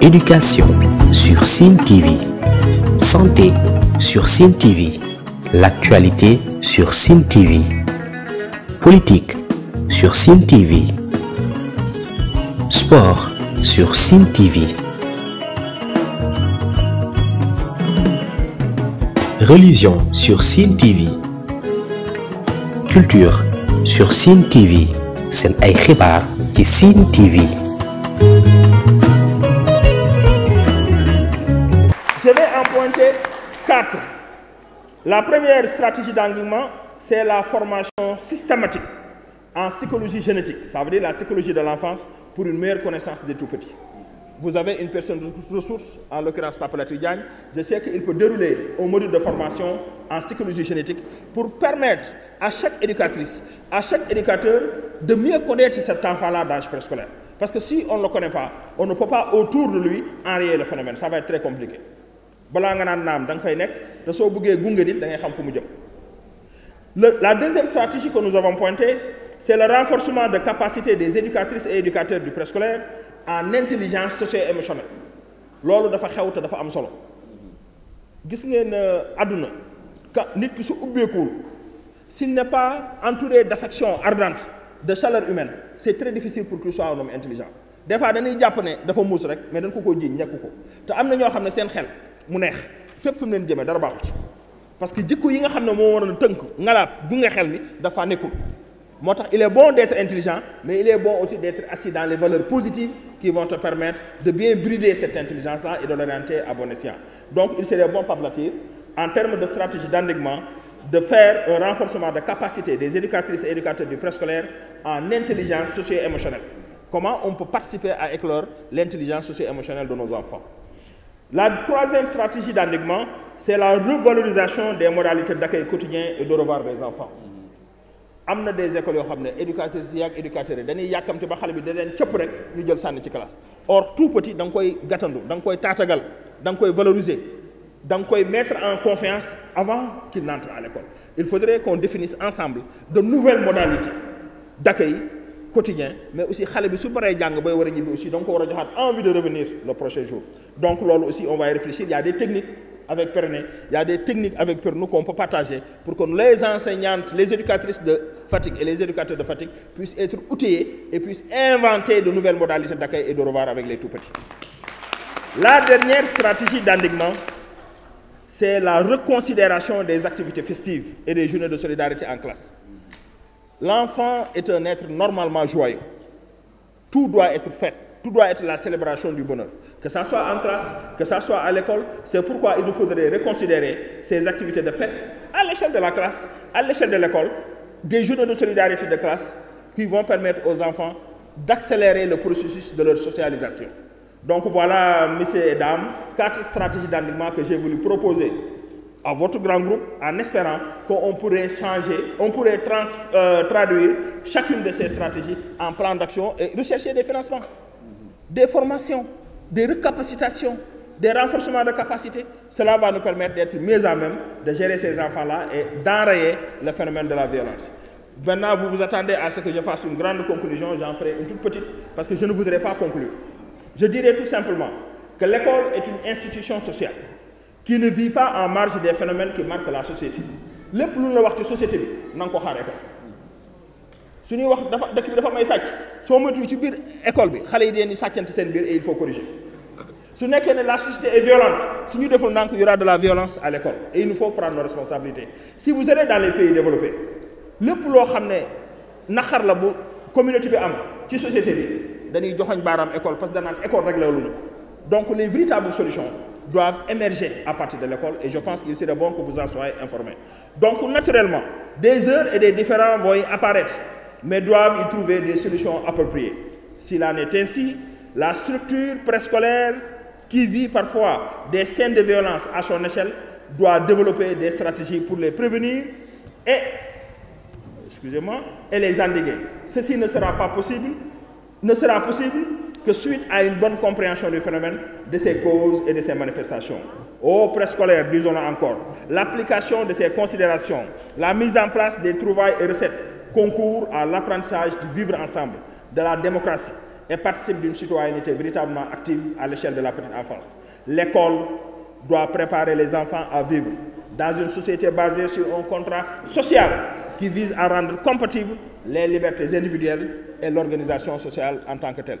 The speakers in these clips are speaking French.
Éducation sur SIM TV. Santé sur SIM TV. L'actualité sur SIM TV. Politique sur SIM TV. Sport sur SIM TV. Religion sur SIM TV. Culture sur SIM TV. C'est un qui SIM TV. quatre. La première stratégie d'engouement, c'est la formation systématique en psychologie génétique. Ça veut dire la psychologie de l'enfance pour une meilleure connaissance des tout petits. Vous avez une personne de ressources, en l'occurrence Papa Gagne. Je sais qu'il peut dérouler un module de formation en psychologie génétique pour permettre à chaque éducatrice, à chaque éducateur de mieux connaître cet enfant-là d'âge préscolaire. Parce que si on ne le connaît pas, on ne peut pas autour de lui enrayer le phénomène. Ça va être très compliqué bala nga naan naam fay nek te so bëggee gunge nit da ngay xam la deuxième stratégie que nous avons pointée c'est le renforcement de capacité des éducatrices et éducateurs du préscolaire en intelligence socio-émotionnelle loolu dafa xew te dafa am solo gis ngeen aduna euh, ka nit ki su ubbeekuwul s'il n'est pas entouré d'affection ardente de chaleur humaine c'est très difficile pour qu'il soit un homme intelligent des fois dañuy jàpp ne dafa muus rek mais dañ ko ko jiiñ ñekk ko te am na ñoo ne xel parce que il est bon d'être intelligent mais il est bon aussi d'être assis dans les valeurs positives qui vont te permettre de bien brider cette intelligence-là et de l'orienter à bon escient donc il serait bon la en termes de stratégie d'endiguement de faire un renforcement de capacité des éducatrices et éducateurs du préscolaire en intelligence socio-émotionnelle comment on peut participer à éclore l'intelligence socio-émotionnelle de nos enfants la troisième stratégie d'endiguement, c'est la revalorisation des modalités d'accueil quotidien et de revoir des enfants. y a des écoles yoo xam éducateurs yi ak éducateurs yi dañuy les ba xale bi da rek classe or tout petit da nga koy gàttandu da koy taatagal da koy valoriser da mettre en confiance avant qu'il n'entre à l'école il faudrait qu'on définisse ensemble de nouvelles modalités d'accueil mais aussi donc on envie de revenir le prochain jour donc là aussi on va y réfléchir il y a des techniques avec Pernet il y a des techniques avec Pernet qu'on peut partager pour que les enseignantes les éducatrices de fatigue et les éducateurs de fatigue puissent être outillés et puissent inventer de nouvelles modalités d'accueil et de revoir avec les tout-petits la dernière stratégie d'endiguement c'est la reconsidération des activités festives et des journées de solidarité en classe L'enfant est un être normalement joyeux. Tout doit être fait, tout doit être la célébration du bonheur. Que ça soit en classe, que ça soit à l'école, c'est pourquoi il nous faudrait reconsidérer ces activités de fête à l'échelle de la classe, à l'échelle de l'école, des journées de solidarité de classe qui vont permettre aux enfants d'accélérer le processus de leur socialisation. Donc voilà, messieurs et dames, quatre stratégies d'alignement que j'ai voulu proposer à votre grand groupe en espérant qu'on pourrait changer, on pourrait euh, traduire chacune de ces stratégies en plan d'action et rechercher des financements, des formations, des recapacitations, des renforcements de capacités. Cela va nous permettre d'être mieux à même de gérer ces enfants-là et d'enrayer le phénomène de la violence. Maintenant, vous vous attendez à ce que je fasse une grande conclusion, j'en ferai une toute petite parce que je ne voudrais pas conclure. Je dirais tout simplement que l'école est une institution sociale qui ne vit pas en marge des phénomènes qui marquent la société Le plus loin wax ci société bi avons nga ko xaaree ko su ñuy wax dafa dëkk bi dafa may sàcc ci école bi xale yi que nous avons biir et il faut corriger su la société est violente nous avons deful qu'il y aura de la violence à l'école et il nous faut prendre nos responsabilités si vous allez dans les pays développés le plus loin ne la bu communauté bi am ci société bi dañuy joxoñ baram école parce que danaan école rek la donc les véritables solutions doivent émerger à partir de l'école et je pense qu'il serait bon que vous en soyez informés. Donc naturellement, des heures et des différents vont apparaître, mais doivent y trouver des solutions appropriées. S'il en est ainsi, la structure préscolaire qui vit parfois des scènes de violence à son échelle doit développer des stratégies pour les prévenir et, excusez-moi, et les endiguer. Ceci ne sera pas possible, ne sera possible que suite à une bonne compréhension du phénomène, de ses causes et de ses manifestations. Au préscolaire, disons-le encore, l'application de ces considérations, la mise en place des trouvailles et recettes concourent à l'apprentissage du vivre ensemble, de la démocratie et participe d'une citoyenneté véritablement active à l'échelle de la petite enfance. L'école doit préparer les enfants à vivre dans une société basée sur un contrat social qui vise à rendre compatibles les libertés individuelles et l'organisation sociale en tant que telle.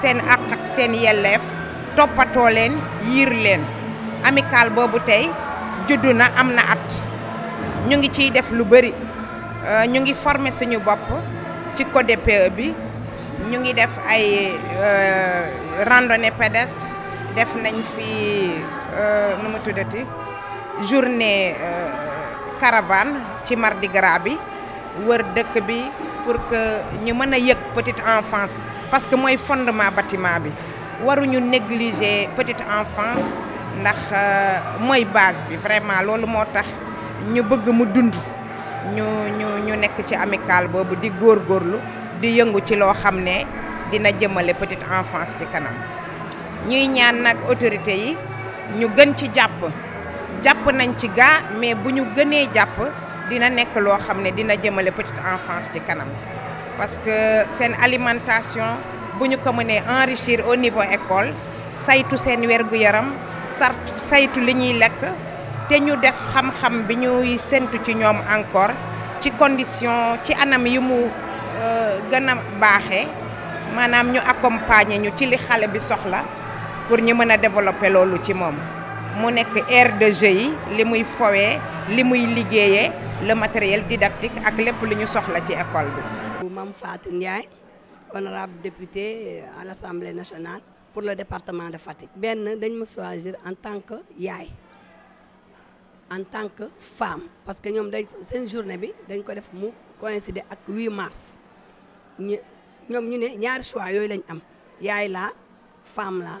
seen àq ak seen yelleef toppatoo leen yiir leen amicale boobu tey juddu na am na at ñu ngi ciy def lu bëri euh, ñu ngi former suñu bopp ci CODPE e bi ñu ngi def ay euh, randonnée pédestre def nañ fi euh, numu mu tuddati journée caravane ci Mardi Gras wër dëkk bi pour que ñu mën a yëg petite enfance parce que mooy fondement bâtiment bi waruñu négliger petite enfance ndax euh, mooy base bi vraiment loolu moo tax ñu bëgg mu dund ñu ñu ñu nekk ci amicale boobu di góor góorlu di yëngu ci loo xam ne dina jëmale petite enfance ci kanam ñuy ñaan nag autorité yi ñu gën ci jàpp jàpp nañ ci gaa mais bu ñu gënee jàpp dina nek lo xamné dina jëmale petite enfance ci kanam parce que sen alimentation buñu ko mëné enrichir au niveau école saytu sen wergu yaram sart saytu li ñuy lekk te ñu def xam-xam bi ñuy séntu ci ñom encore ci condition ci anam yu mu euh, gëna baxé manam ñu accompagner ñu ci li xalé bi soxla pour ñu mëna a développer lolu ci mom mu nekk aire de jeu yi li muy ce li muy le matériel didactique ak lépp lu ñu soxla ci école bi. Mame Fatou Ndiaye honorable député euh, à l'Assemblée nationale pour le département de Fatick. Je dañ ma choisir en tant que yaay en tant que femme parce que ñoom dañ seen journée bi dañ ko def mu coïncider ak 8 mars Nous ñoom ñu ne choix yooyu lañ femme là.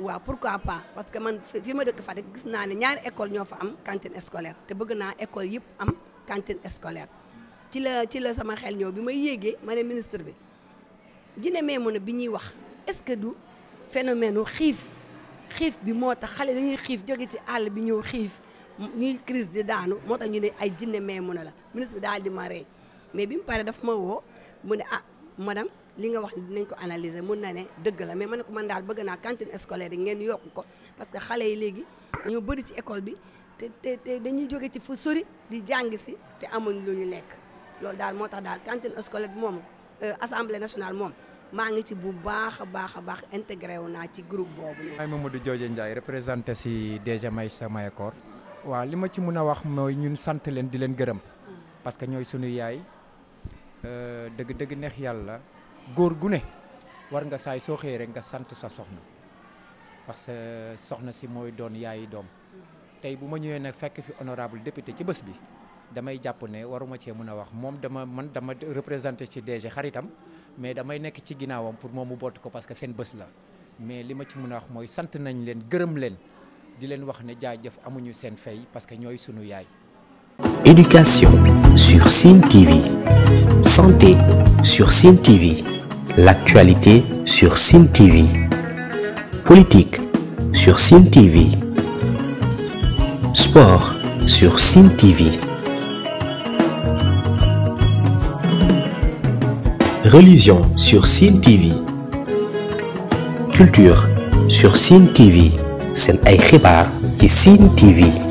waaw pourquoi pas parce que man fi ma dëkk Fatick gis naa ne ñaari école ñoo fa am cantine scolaire te bëgg naa école yëpp am cantine scolaire ci la ci la sama xel ñëw bi may yéegee ma ne ministre bi Djiné Maimouna bi ñuy wax est-ce que du phénomène xiif xiif bi moo tax xale dañuy xiif jóge ci àll bi ñëw xiif ñuy crise di daanu moo tax ñu ne ay jinne Djiné Maimouna la ministre bi daal di ma rey mais bi pare paree daf ma woo mu ne ah madame li nga wax dinañ ko analyser mun na ne deug la mais man ko man dal bëgg na cantine scolaire ngeen yok ko parce que xalé yi légui dañoo bëri ci école bi te te te dañuy joggé ci fu di jang si te amuñ luñu lek lool dal motax dal cantine scolaire bi euh assemblée nationale mom ma ngi ci bu baaxa baaxa baax intégré wu na ci groupe boobu. ay Mamadou Diodje ndjay représenté ci DG Maïssa Mayakor. waaw li ma ci mëna wax moy ñun sant leen di gëreum parce que ñoy suñu yaay deug deug neex yalla góor gu ne war nga saay soo xëyee rek nga sant sa soxna parce que soxna si mooy doon yaay doom tey bu ma ñëwee nag fekk fi honorable député ci bës bi damay jàpp ne waruma cee mën a wax moom dama man dama représenter ci DG xaritam mais damay nekk ci ginnaawam pour moom mu bott ko parce que seen bés la mais li ma ci mën a wax mooy sant nañ leen gërëm leen di leen wax ne jaajëf amuñu seen fay parce que ñooy sunu yaay. éducation sur Sine TV santé sur l'actualité sur Sim TV. Politique sur Sim TV. Sport sur Sim TV. Religion sur Sim TV. Culture sur Sim TV. C'est écrit par Sim TV.